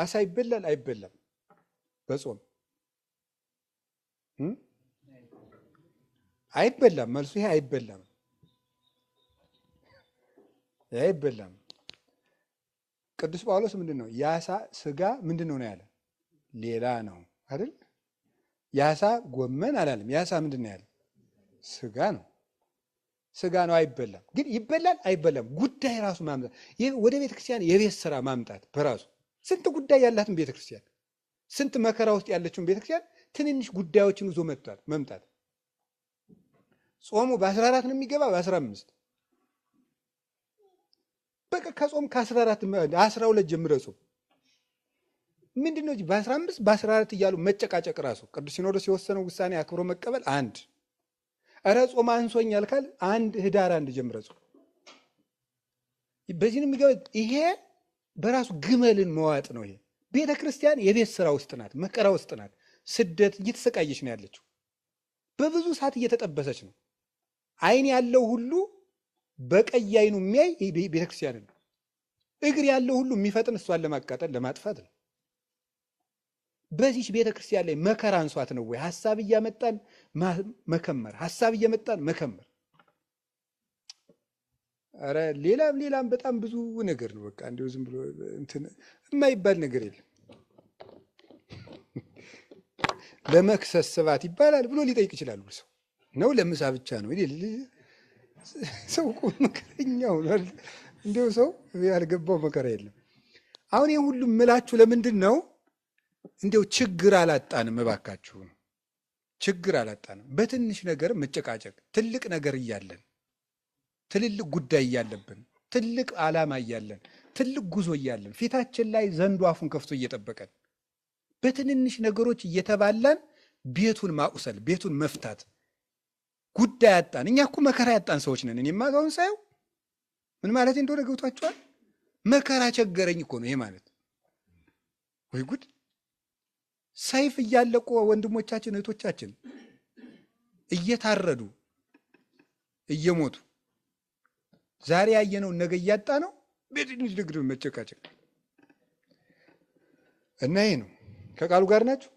አሳ ይበላል አይበላም? በጾም አይበላም። መልሱ ይሄ አይበላም፣ አይበላም። ቅዱስ ጳውሎስ ምንድን ነው የአሳ ስጋ ምንድን ነው ነው ያለ ሌላ ነው አይደል? የአሳ ጎመን አላለም። የአሳ ምንድን ነው ያለ ስጋ ነው። ስጋ ነው አይበላም። ግን ይበላል አይበላም ጉዳይ ራሱ ማምጣት ይህ ወደ ቤተክርስቲያን የቤት ስራ ማምጣት በራሱ ስንት ጉዳይ ያላትን ቤተክርስቲያን ስንት መከራ ውስጥ ያለችውን ቤተክርስቲያን ትንንሽ ጉዳዮችን ይዞ መጥቷል መምጣት ጾሙ በአስራ አራት ነው የሚገባ በአስራ አምስት በቃ ከጾም ከአስራ አራት አስራ ሁለት ጀምረ ጾም ምንድን ነው በአስራ አምስት በአስራ አራት እያሉ መጨቃጨቅ ራሱ ቅዱስ ሲኖዶስ የወሰነው ውሳኔ አክብሮ መቀበል አንድ እረ ጾም አንሶኛል ካል አንድ ህዳር አንድ ጀምረ ጾም በዚህ ነው የሚገባ ይሄ በራሱ ግመልን መዋጥ ነው። ይሄ ቤተ ክርስቲያን የቤት ስራ ውስጥ ናት፣ መከራ ውስጥ ናት። ስደት እየተሰቃየች ነው ያለችው። በብዙ ሰዓት እየተጠበሰች ነው። አይን ያለው ሁሉ በቀይ አይኑ የሚያይ ቤተ ክርስቲያን ነው። እግር ያለው ሁሉ የሚፈጥን እሷን ለማቃጠል ለማጥፋት ነው። በዚች ቤተ ክርስቲያን ላይ መከራ አንሷት ነው ወይ ሀሳብ እያመጣን መከመር፣ ሀሳብ እየመጣን መከመር ኧረ ሌላም ሌላም በጣም ብዙ ነገር ነው። በቃ እንዲሁ ዝም ብሎ እንትን የማይባል ነገር የለም። ለመክሰስ ስባት ይባላል ብሎ ሊጠይቅ ይችላሉ። ሰው ነው ለምሳ ብቻ ነው። ሰው እኮ መከረኛው ሆኗል። እንዲሁ ሰው ያልገባው መከራ የለም። አሁን ይህ ሁሉ ምላችሁ ለምንድን ነው? እንዲው ችግር አላጣንም፣ እባካችሁ ችግር አላጣንም። በትንሽ ነገር መጨቃጨቅ ትልቅ ነገር እያለን ትልልቅ ጉዳይ እያለብን ትልቅ ዓላማ እያለን ትልቅ ጉዞ እያለን ፊታችን ላይ ዘንዱ አፉን ከፍቶ እየጠበቀን በትንንሽ ነገሮች እየተባላን ቤቱን ማቁሰል ቤቱን መፍታት ጉዳይ አጣን። እኛ እኮ መከራ ያጣን ሰዎች ነን። እኔ ማጋውን ሳየው ምን ማለት እንደሆነ ገብቷቸዋል። መከራ ቸገረኝ እኮ ነው ይሄ ማለት። ወይ ጉድ! ሰይፍ እያለቁ ወንድሞቻችን እህቶቻችን እየታረዱ እየሞቱ ዛሬ ያየነውን ነገ እያጣ ነው። በትንሽ ንግድ መጨቃጨቅ እና ይሄ ነው። ከቃሉ ጋር ናቸው።